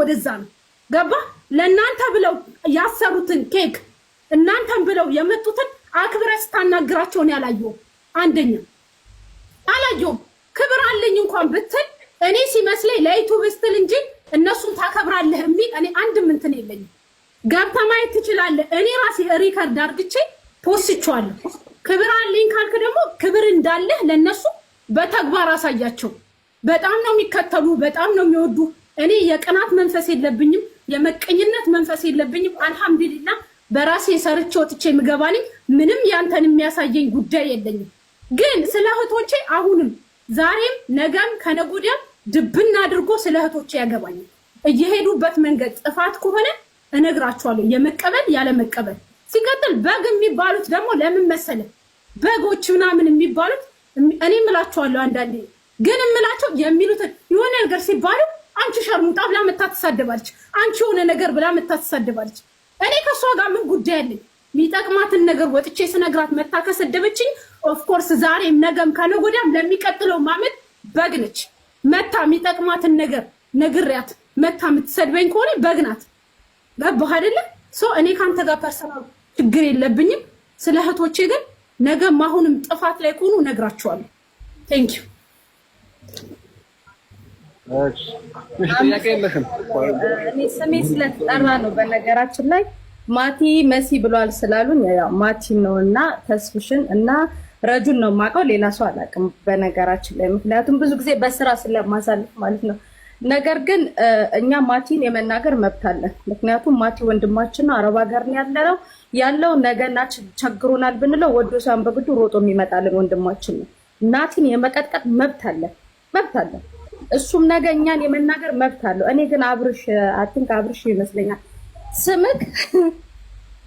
ወደዛ ነው ገባ። ለእናንተ ብለው ያሰሩትን ኬክ እናንተን ብለው የመጡትን አክብረህ ስታናግራቸውን ያላየው አንደኛ አላየውም። ክብር አለኝ እንኳን ብትል እኔ ሲመስለኝ ለዩቱብ ስትል እንጂ እነሱን ታከብራለህ የሚል እኔ አንድም እንትን የለኝም። ገብተህ ማየት ትችላለህ። እኔ ራሴ ሪከርድ አርግቼ ፖስችዋለሁ። ክብር አለኝ ካልክ ደግሞ ክብር እንዳለህ ለእነሱ በተግባር አሳያቸው። በጣም ነው የሚከተሉ፣ በጣም ነው የሚወዱ እኔ የቅናት መንፈስ የለብኝም፣ የመቀኝነት መንፈስ የለብኝም። አልሐምዱሊላ በራሴ ሰርቼ ወጥቼ የምገባኝ ምንም ያንተን የሚያሳየኝ ጉዳይ የለኝም። ግን ስለ እህቶቼ አሁንም ዛሬም ነገም ከነጎዳ ድብና አድርጎ ስለ እህቶቼ ያገባኛል። እየሄዱበት መንገድ ጥፋት ከሆነ እነግራቸዋለሁ፣ የመቀበል ያለመቀበል። ሲቀጥል በግ የሚባሉት ደግሞ ለምን መሰለ በጎች ምናምን የሚባሉት እኔ እምላቸዋለሁ። አንዳንዴ ግን እምላቸው የሚሉትን የሆነ ነገር ሲባሉ ጡትሽ አምጣ ብላ መታ ትሳደባለች። አንቺ የሆነ ነገር ብላ መታ ትሳደባለች። እኔ ከእሷ ጋር ምን ጉዳይ አለኝ? የሚጠቅማትን ነገር ወጥቼ ስነግራት መታ ከሰደበችኝ፣ ኦፍኮርስ ዛሬም ነገም ከነገ ወዲያም ለሚቀጥለው ማመት በግነች መታ የሚጠቅማትን ነገር ነግሪያት መታ የምትሰድበኝ ከሆነ በግናት። ገባህ አይደለ? እኔ ከአንተ ጋር ፐርሰናል ችግር የለብኝም። ስለ እህቶቼ ግን ነገም አሁንም ጥፋት ላይ ከሆኑ ነግራችኋለሁ። ቴንኪዩ ስሜ ስለተጠራ ነው። በነገራችን ላይ ማቲ መሲ ብሏል ስላሉኝ ያው ማቲ ነው እና ተስፍሽን እና ረጁን ነው የማውቀው፣ ሌላ ሰው አላውቅም በነገራችን ላይ ምክንያቱም ብዙ ጊዜ በስራ ስለማሳልፍ ማለት ነው። ነገር ግን እኛ ማቲን የመናገር መብት አለን። ምክንያቱም ማቲ ወንድማችን ነው፣ አረብ ሀገር ነው ያለነው ያለው ነገና ቸግሮናል ብንለው ወዶ ሳይሆን በግዱ ሮጦ የሚመጣልን ወንድማችን ነው። ናቲን የመቀጥቀጥ መብት አለን መብት አለን። እሱም ነገ እኛን የመናገር መብት አለው። እኔ ግን አብርሽ አትንክ አብርሽ ይመስለኛል ስምክ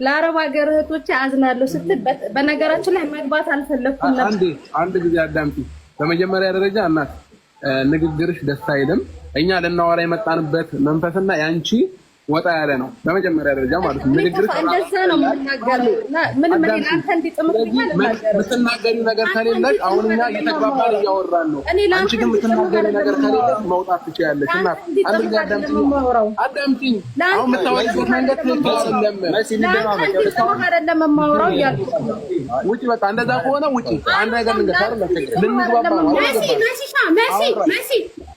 ለአረብ ሀገር እህቶቼ አዝናለሁ ስትል፣ በነገራችን ላይ መግባት አልፈለግኩም ነበር። አንድ ጊዜ አዳምጪ። በመጀመሪያ ደረጃ እናት ንግግርሽ ደስ አይልም። እኛ ልናወራ የመጣንበት መንፈስና የአንቺ ወጣ ያለ ነው። በመጀመሪያ ደረጃ ማለት ነው ንግግር ምንም ነገር ከሌለሽ አሁን እኛ እየተግባባን እያወራን ነው። አንቺ ግን ምትናገሪ ነገር ከሌለሽ መውጣት ትችያለሽ። እና አንድ አዳምጪኝ። አሁን የምታወሪበት መንገድ ትክክል አይደለም። አይደለም ውጪ፣ በቃ እንደዛ ከሆነ ውጪ። አንድ ነገር ልንገርሽ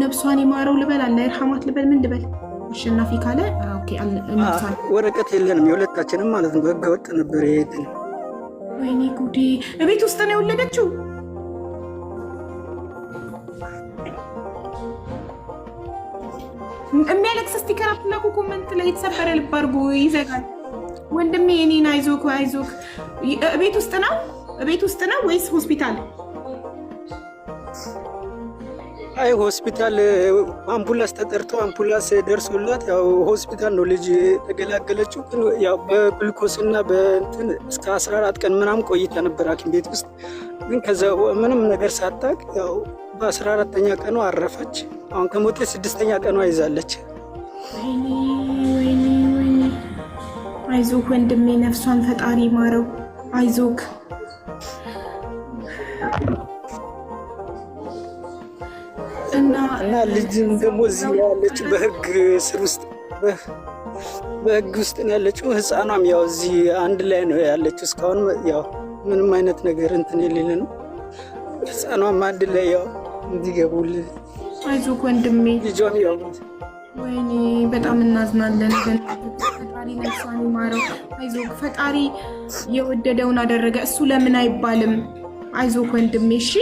ነብሷን የማረው ልበል፣ አለ ይርሐማት ልበል፣ ምን ልበል? አሸናፊ ካለ ወረቀት የለንም የሁለታችንም ማለት ነው። ህገ ወጥ ነበር። ይሄድን ወይኔ ጉዴ! እቤት ውስጥ ነው የወለደችው። የሚያለቅስ ስቲከር አፍላኩ ኮመንት ላይ የተሰበረ ልብ አድርጎ ይዘጋል። ወንድሜ የኔን አይዞክ አይዞክ። እቤት ውስጥ ነው እቤት ውስጥ ነው ወይስ ሆስፒታል? አይ ሆስፒታል አምቡላንስ ተጠርቶ አምቡላንስ ደርሶላት ያው ሆስፒታል ነው ልጅ የተገላገለችው። ግን ያው በግሉኮስ እና በእንትን እስከ 14 ቀን ምናምን ቆይታ ነበር ሐኪም ቤት ውስጥ። ግን ከዛ ምንም ነገር ሳታቅ ያው በ 14 ኛ ቀኗ አረፈች። አሁን ከሞቴ ስድስተኛ ቀኗ ይዛለች። አይዞክ ወንድሜ፣ ነፍሷን ፈጣሪ ማረው። አይዞክ እና ልጅም ደግሞ እዚህ ያለችው በህግ ስር ውስጥ በህግ ውስጥ ነው ያለችው። ህፃኗም ያው እዚህ አንድ ላይ ነው ያለችው። እስካሁን ያው ምንም አይነት ነገር እንትን የሌለ ነው። ህፃኗም አንድ ላይ ያው እንዲገቡልን አይዞህ ወንድሜ። ልጇም ያው ወይኔ በጣም እናዝናለን። ፈጣሪ ነፍሷን ይማረው። አይዞህ ፈጣሪ የወደደውን አደረገ። እሱ ለምን አይባልም። አይዞህ ወንድሜ እሺ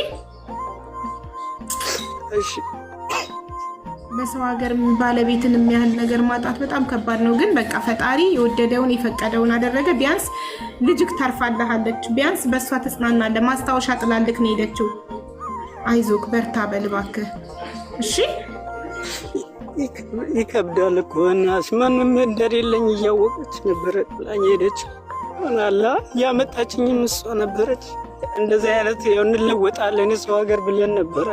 በሰው ሀገር ባለቤትን የሚያህል ነገር ማጣት በጣም ከባድ ነው። ግን በቃ ፈጣሪ የወደደውን የፈቀደውን አደረገ። ቢያንስ ልጅክ ታርፋለሃለች። ቢያንስ በእሷ ተጽናናለህ። ማስታወሻ ጥላልክ ነው ሄደችው አይዞክ በርታ በልባክ እሺ። ይከብዳል እኮ እናስ ማንም እንደሌለኝ እያወቀች ነበረ ጥላኝ ሄደች። ሆናላ ያመጣችኝም እሷ ነበረች። እንደዚህ አይነት እንለወጣለን ሰው ሀገር ብለን ነበረ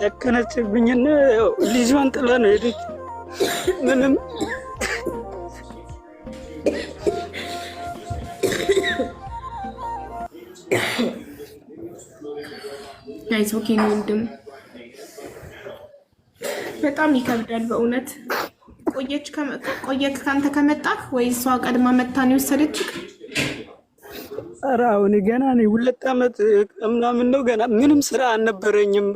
ጨከነችብኝና ልጇን ጥላ ነው ሄደች። ምንም አይዞህ ወንድም በጣም ይከብዳል በእውነት። ቆየክ ከአንተ ከመጣህ ወይ እሷ ቀድማ መታ ነው የወሰደች? ኧረ አሁን ገና እኔ ሁለት ዓመት ምናምን ነው ገና ምንም ስራ አልነበረኝም።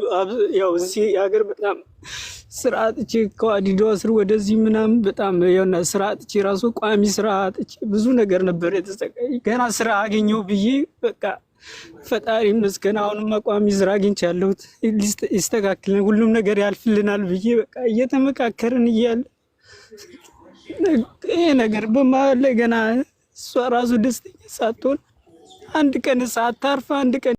ያው እዚህ ሀገር በጣም ስራ አጥቼ ከዋዲዶ ስር ወደዚህ ምናምን በጣም የሆነ ስራ አጥቼ ራሱ ቋሚ ስራ አጥቼ ብዙ ነገር ነበር የተሰቃይ ገና ስራ አገኘው ብዬ በቃ ፈጣሪ ይመስገን። አሁንም መቋሚ ስራ አግኝቻለሁት። ይስተካክልን፣ ሁሉም ነገር ያልፍልናል ብዬ በቃ እየተመካከርን እያለ ይህ ነገር በመሀል ላይ ገና እሷ ራሱ ደስተኛ ሳትሆን አንድ ቀን ሳታርፍ አንድ ቀን